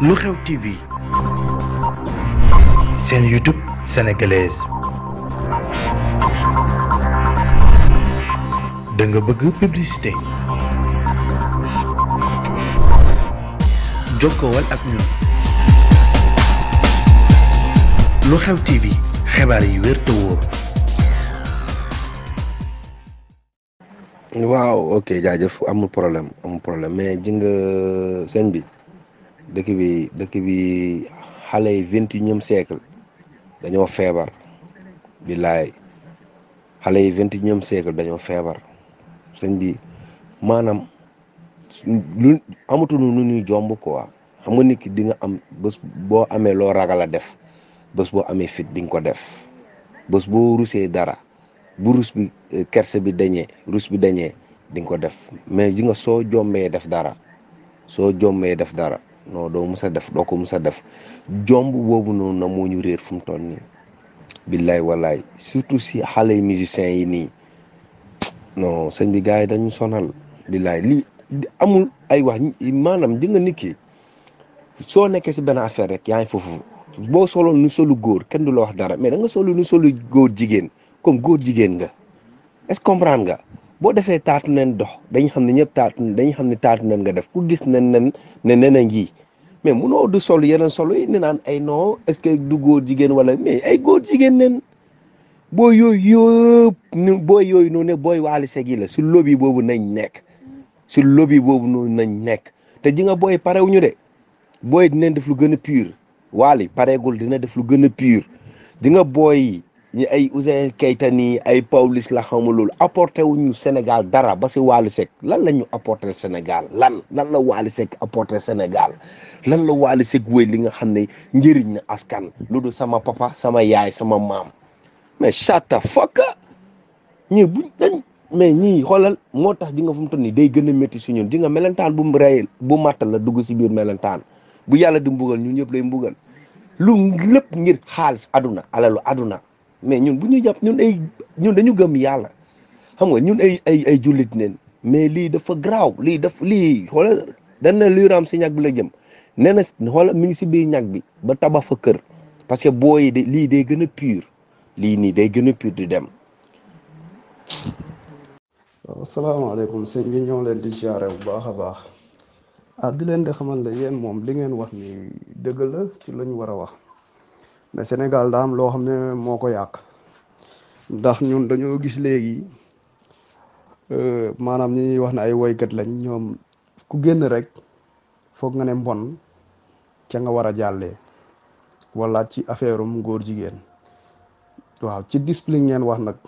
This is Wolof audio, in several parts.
lu xew TV seen YouTube sénégalaise da nga bëgg publicité jokkowal ak ñun lu xew TV xibaar yi wér te wóor. waaw ok jaajëf amul problème amul problème mais ji nga seen bi. dëkk bi dëkk bi xale yi vingt yi unième siècle dañoo feebar billaay xale yi vingt yi unième siècle dañoo feebar sëñ bi maanaam lu amatuñu nu ñuy jomb quoi xam nga nit ki di nga am bés boo amee loo ragal a def bés boo amee fit di nga ko def bés boo rusee dara bu rus bi eh, kerse bi dañee rus bi dañee di nga ko def mais ji nga soo jombee def dara soo jombee def dara non doo mus a def doo ko mus a def jomb boobu noonu na moo ñu réer fu mu toll nii billaay wallaay surtout si xale yu musiciens yi nii non sëñ bi gars yi dañu sonal billaay lii amul ay wax maanaam di nga nit soo nekkee si benn affaire rek yaa ngi foofu boo soloon nu solu góor kenn du la wax dara mais da nga solu nu solu góor jigéen comme góor jigéen nga est-ce comprendre nga boo defee taatu neen dox dañ xam ne ñëpp taatu dañ xam ne taatu nen nga def ku gis nen nen ne nen a ngi mu munoo du sol yeneen solo yi ne naan ay non est-ce que du góor jigéen wala mais ay góor jigéen nen boo yooyu yëpp nu booy yooyu noonu ne booy waali seg yi la si lobby boobu nañ nekk si lobby boobu noonu nañ nekk te ji nga booy ñu de booy di dinañ def lu gën a pur waali pareegul dina def lu gën a pur di nga booy ñi ay Ouzin Keita nii ay Pawlish la xawma loolu apporté ñu Sénégal dara ba si Wally Seck lan la ñu apporté Sénégal lan lan la Wally Seck apporté Sénégal lan la Wally Seck wéy li nga xam ne njëriñ na askan lu du sama papa sama yaay sama maam mais chata fakka ñi buñ dañ mais ñii xoolal moo tax di nga fu mu toll gën a métti si ñun di nga melentaan bu mu rey bu matt la dugg si biir melentaan bu yàlla di mbugal ñun ñëpp lay mbugal lu lépp ngir xaalis aduna alalu aduna mais ñun bu ñu jàpp ñun ay ñun dañu gëm yàlla xam nga ñun ay ay ay jullit neen mais lii dafa garaaw lii daf lii xoolal dañ ne luy raam si ñag bi la jëm nee na xoolal mi ngi si biir ñag bi ba tabax fa kër parce que booy de lii day gën a pur lii nii day gën a pur di dem. waaw salaamaaleykum sëñ bi ñoo leen di ziare bu baax a baax ah di leen di xamal moom li ngeen wax ni dëgg ci lañu war a wax. mais Sénégal daam loo xam ne moo ko yàq ndax ñun dañoo gis léegi euh, maanaam ñi ñuy wax na ay woykat lañ ñoom ku génn rek foog nga ne mbon ca nga war a jàllee wala ci affaire um góor jigéen waaw ci discipline ngeen wax nag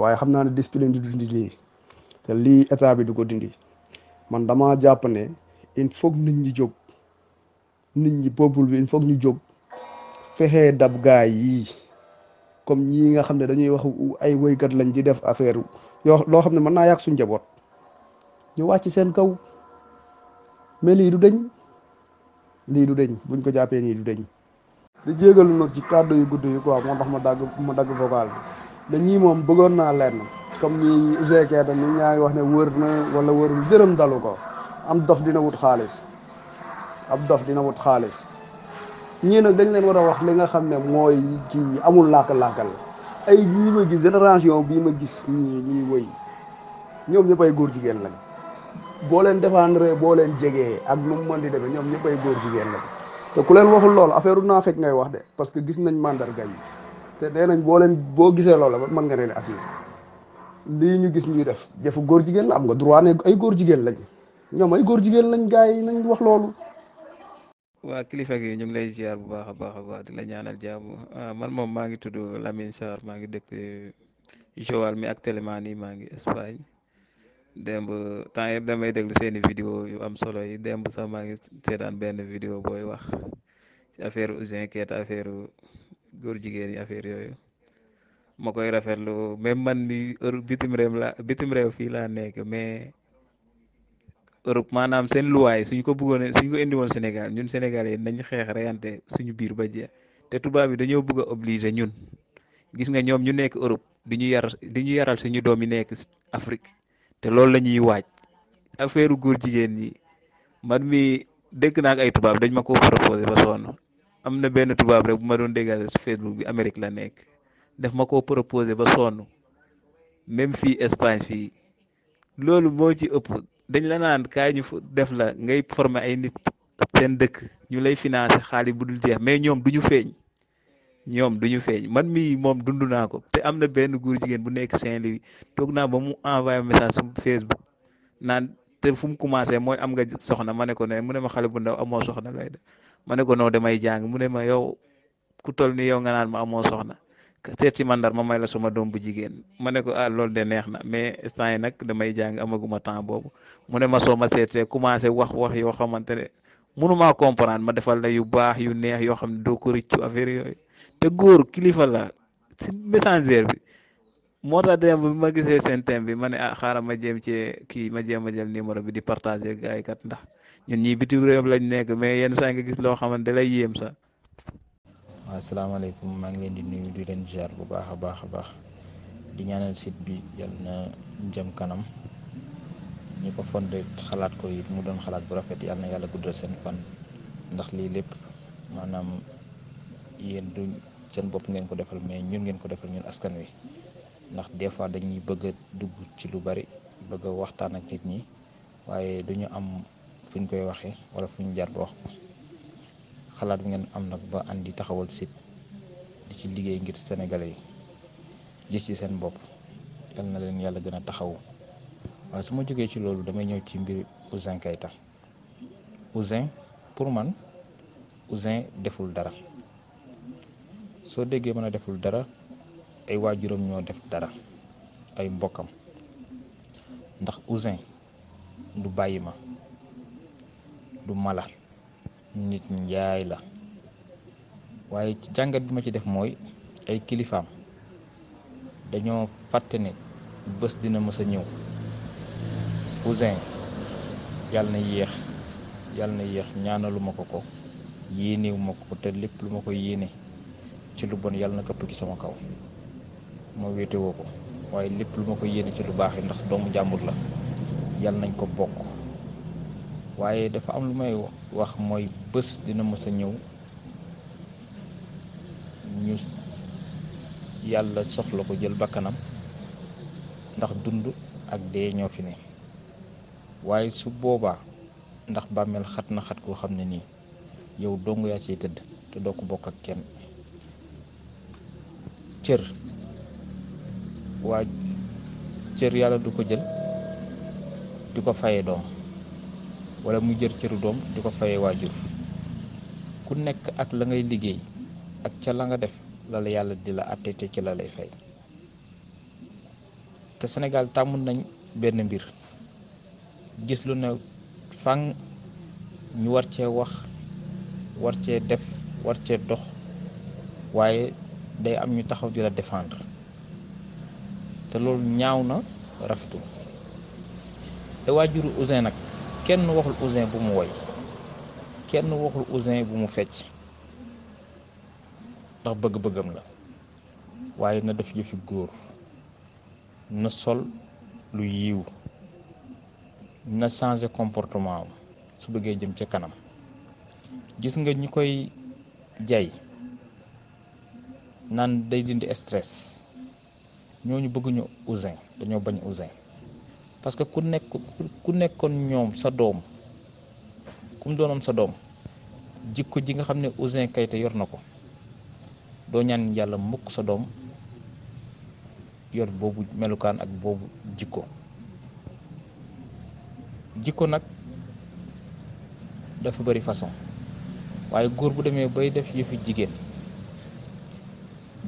waaye xam naa ne discipline du dindi lii te lii état bi du ko dindi man dama jàpp ne il foog nit ñi jóg nit ñi peuple bi il faut ñu jóg fexe dab gaay yi comme ñii nga xam ne dañuy wax ay woykat lañ di def affaire yoo loo xam ne mën naa yàq suñ njaboot ñu wàcc seen kaw mais lii du deñ lii du deñ buñ ko jàppee nii du deñ di jégalu nag ci kàddu yu gudd yi ko moo tax ma dagg ma dagg vocal bi moom bëggoon naa leen comme ñi useekee da ni ñaa wax ne wër na wala wërul jërëm dalu ko am dof dina wut xaalis ab dof dina wut xaalis ñii nag dañ leen war a wax li nga xam ne mooy ci amul làkk-làkkal ay ñii ma gis génération bii ma gis ñii ñuy wëy ñoom ñëpp ay góor jigéen lañ boo leen défendre boo leen jegee ak nu mu mën di demee ñoom ñëpp ay góor jigéen te ku leen waxul loolu affaire naa fekk ngay wax de parce que gis nañ mandarga yi te nee nañ boo leen boo gisee loola ba mën nga ne ne accuse lii ñu gis ñuy def jëfu góor jigéen la am nga droit ne ay góor jigéen lañ ñoom ay góor jigéen lañ gars nañ wax loolu waa kilifa gi ñu ngi lay ziar bu baax a baax a baax la ñaanal jàmm ah, man moom maa ngi tudd Lamine Sarr maa ngi dëkk euh, Joal mi actuellement nii maa ngi Espagne demb temps yëpp damay déglu seeni vidéo yu am solo yi demb sax maa ngi seetaan benn vidéo booy wax ci affaire Ouzin Keita affaire góor jigéen yi affaire yooyu ma koy rafetlu même man mi bitim réew la bitim réew fii laa nekk mais. Europe maanaam seen luwaay suñ ko bëggoon suñ ko indi woon Sénégal ñun Sénégalais nañ xeex reyante suñu biir ba jeex te tubaab bi dañoo bëgg a ñun gis nga ñoom ñu nekk Europe di ñu yar di ñu yaral suñu doom yi nekk Afrique te loolu la ñuy waaj affaire góor jigéen ñi man mi dégg naa ak ay tubaab dañu ma ko proposé ba sonn am na benn tubaab rek bu ma doon déggal su Facebook bi Amérique la nekk daf ma ko proposé ba sonn même fi Espagne fi loolu moo ci ëpp. dañ la naan kaay fu def la ngay former ay nit seen dëkk ñu lay financer xaalis bu dul jeex mais ñoom du ñu feeñ ñoom du ñu man mii moom dund naa ko te am na benn góor jigéen bu nekk Saint-Louis toog naa ba mu envoyé message su Facebook naan te fu mu commencé mooy am nga soxna ma ne ko mu ne ma xale bu ndaw amoo soxna lay def ma ne ko non damay jàng mu ne ma yow ku tol ni yow nga naan ma amoo soxna seet si mandarma may la suma doom bu jigéen ma ne ko ah loolu de neex na mais instant yi nag damay jàng amaguma temps boobu mu ne ma soo ma seetee commencé wax wax yoo xamante ne mënumaa comprendre ma defal la yu baax yu neex yoo xam ne doo ko rëccu affaire yooyu te góor kilifa la si messanger bi moo tax dem bi ma gisee seen thème bi ma ne ah xaaral ma jéem cee kii ma jéem a jël numéro bi di partager gars kat ndax ñun ñii bitim réew lañ nekk mais yenn saa nga gis loo xamante lay yéem sax waaw asalaamaaleykum maa ngi leen di nuyu di leen ziar bu baax a baax a baax di ñaanal sit bi yal na jëm kanam ñi ko fondé xalaat ko it mu doon xalaat bu rafet yal na yàlla guddal seen fan ndax lii lépp maanaam yéen du seen bopp ngeen ko defal mais ñun ngeen ko defal ñun askan wi ndax des fois dañuy bëgg dugg ci lu bari bëgg waxtaan ak nit ñi waaye du ñu am fu ñu koy waxee wala fu ñu jaar ba wax ko xalaat bi ngeen am nag ba indi taxawal sit di ci liggéey ngir sénégalais yi gis ci seen bopp yal na leen yàlla gën a taxawu waaye su ma jógee ci loolu damay ñëw ci mbir Ouzin Keita Ouzin pour man Ouzin deful dara soo déggee mën a deful dara ay waajuram ñoo def dara ay mbokkam ndax Ouzin du bàyyi ma du mala nit njaay la waaye ci jàngat bi ma ci def mooy ay kilifaam dañoo fàtte ne bés dina mës ñëw cousin yàlla na yéex yàlla na yéex ñaanaluma ko ko yéenewu ma ko te lépp lu ma ko yéene ci lu bon yàlla na këpp ki sama kaw ma wéetewoo ko waaye lépp lu ma ko yéene ci lu baax yi ndax doomu jàmbur la yàlla nañ ko bokk waaye dafa am lu may wax mooy bés dina mës ñëw ñu yàlla soxla ko jël bakkanam ndax dund ak dee ñoo fi ne waaye su boobaa ndax bàmmeel xat na xat koo xam ne nii yow dong yaa ciy tëdd te doo ko bokk ak kenn cër waa cër yàlla du ko jël di ko faye doom wala mu jël cëru doom di ko fayee waajur ku nekk ak la ngay liggéey ak ca la nga def la yàlla di la àtte ci la lay te senegal tàmm nañ benn mbir gis lu ne fang ñu war cee wax war cee def war cee dox waaye day am ñu taxaw di la défendre te loolu ñaaw na rafetul te waajuru Ouzin nag kenn waxul Ouzin bu mu woy kenn waxul Ouzin bu mu fecc ndax bëgg-bëggam la waaye na def yëfi góor na sol lu yiw na changer comportement am su bëggee jëm ca kanam gis nga ñi koy jay naan day dindi stress ñooñu bëgguñu ousin dañoo bañ Ouzin parce que ku nekk ku nekkoon ñoom sa doom ku mu doonoon sa doom jikko ji nga xam ne Ouzin Keita yor na ko doo ñaan yàlla mukk sa doom yor boobu melukaan ak boobu jikko jikko nag dafa bari façon waaye góor bu demee bay def yëfi jigéen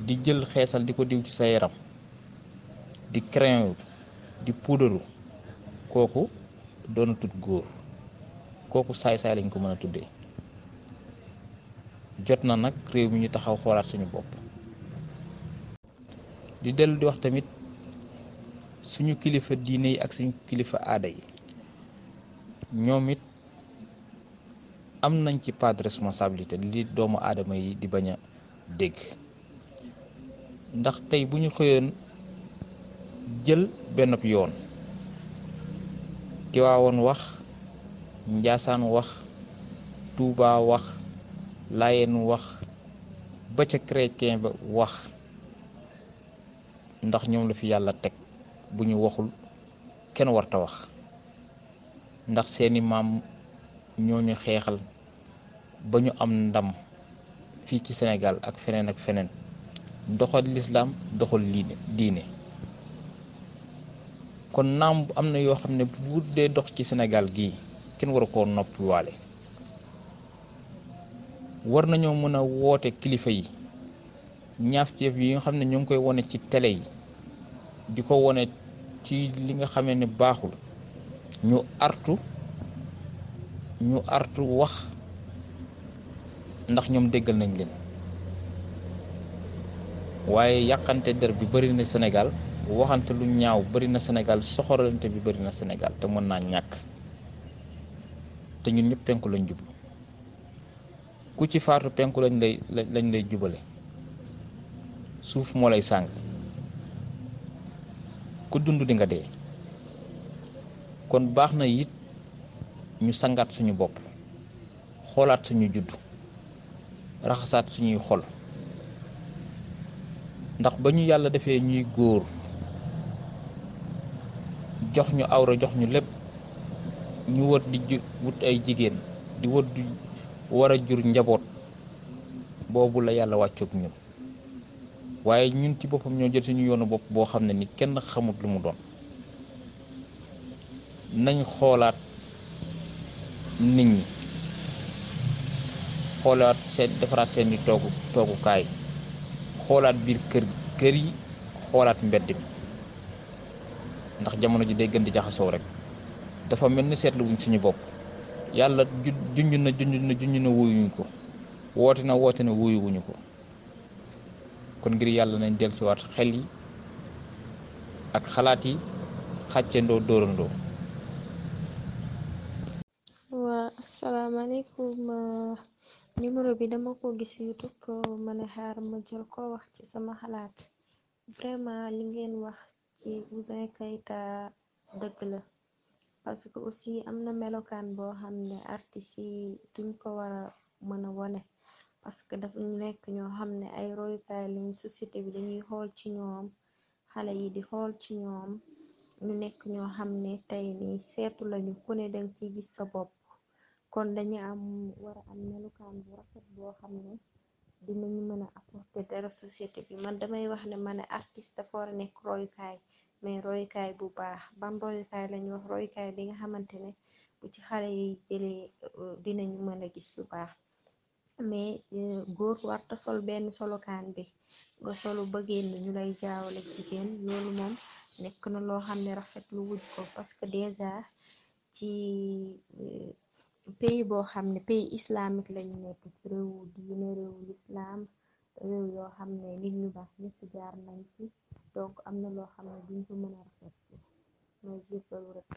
di jël xeesal di ko diw ci sa yaram di crayon di puudaru kooku doona tut góor kooku saay-saay lañ ko mën a tuddee jot na nag réew mi ñu taxaw xoolaat suñu bopp di dellu di wax tamit suñu kilifa diine yi ak suñu kilifa aada yi ñoom it am nañ ci part de responsabilité li doomu aadama yi di bañ a dégg ndax tey bu ñu xëyoon jël benn yoon Tiwaawoon wax Njaasaan wax Tuuba wax Laayeen wax ba ca chrétien ba wax ndax ñoom la fi yàlla teg bu ñu waxul kenn warta wax ndax seeni maam ñoo ñu xeexal ba ñu am ndam fii ci senegal ak feneen ak feneen doxal lislaam doxal diine kon naam am na yoo xam ne bu dee dox ci senegal gii kenn waru koo noppi war nañoo mën a woote kilifa yi ñaafteef yi nga xam ne ñu ngi koy wone ci télé yi di ko wone ci li nga xamee ne baaxul ñu artu ñu artu wax ndax ñoom déggal nañ leen waaye yàqante der bi bari na Sénégal waxante lu ñaaw bëri na Sénégal soxoralante bi bëri na Sénégal te mën naa ñàkk te ñun ñëpp penku lañ jublu ku ci faatu penku lañ lay lañ lay jubale suuf moo lay sàng ku dund di nga dee kon baax na it ñu sangaat suñu bopp xoolaat suñu judd raxasaat suñuy xol ndax ba ñu yàlla defee ñuy góor jox ñu awra jox ñu lépp ñu wër di wut ay jigéen di wër di war a jur njaboot boobu la yàlla wàccoog ñun waaye ñun ci boppam ñoo jël suñu yoonu bopp boo xam ne ni kenn xamut lu mu doon nañ xoolaat nit ñi xoolaat seen defaraat seen i toogu toogukaay xoolaat biir kër kër yi xoolaat mbedd mi ndax jamono ji day gën di jaxasoo rek dafa mel ni seetlu suñu bopp yàlla ju junj na junj na junj na wuyuñu ko na woote na wuyuwuñu ko kon ngir yàlla nañ dellusiwaat xel yi ak xalaat yi xàccendoo dóorandoo. waa asalaamaaleykum uh, numéro bi dama ko gis YouTube uh, ma ne xaar ma jël ko wax ci sama xalaat vraiment li ngeen wax. ci Ouzin Keita dëgg la parce que aussi am na melokaan boo xam ne artiste yi duñ ko war a mën a wone parce que dafa nekk ñoo xam ne ay royukaay lañ société bi dañuy xool ci ñoom xale yi di xool ci ñoom ñu nekk ñoo xam ne tey ni seetu lañu ku ne ci gis sa bopp kon dañu am war am melokaan bu boo xam ne dinañu mën a apporter dara société bi man damay wax ne ma ne artiste dafa war a nekk royukaay mais royukaay bu baax ban royukaay lañu wax royukaay bi nga xamante ne bu ci xale yi jëlee euh, dinañu mën a gis lu baax mais euh, góor warta sol benn solokaan bi nga solu bëggeen ñu lay jaawale jigéen loolu moom nekk na loo xam ne rafet lu wuj ko parce que déjà ci euh, pays boo xam ne pays islamique lañu nekk réew diine réewu lislaam réew yoo xam ne nit ñu baax ñëpp jaar nañ ci donc am na loo xam ne duñ ko mën a rafet mooy jëppalu rek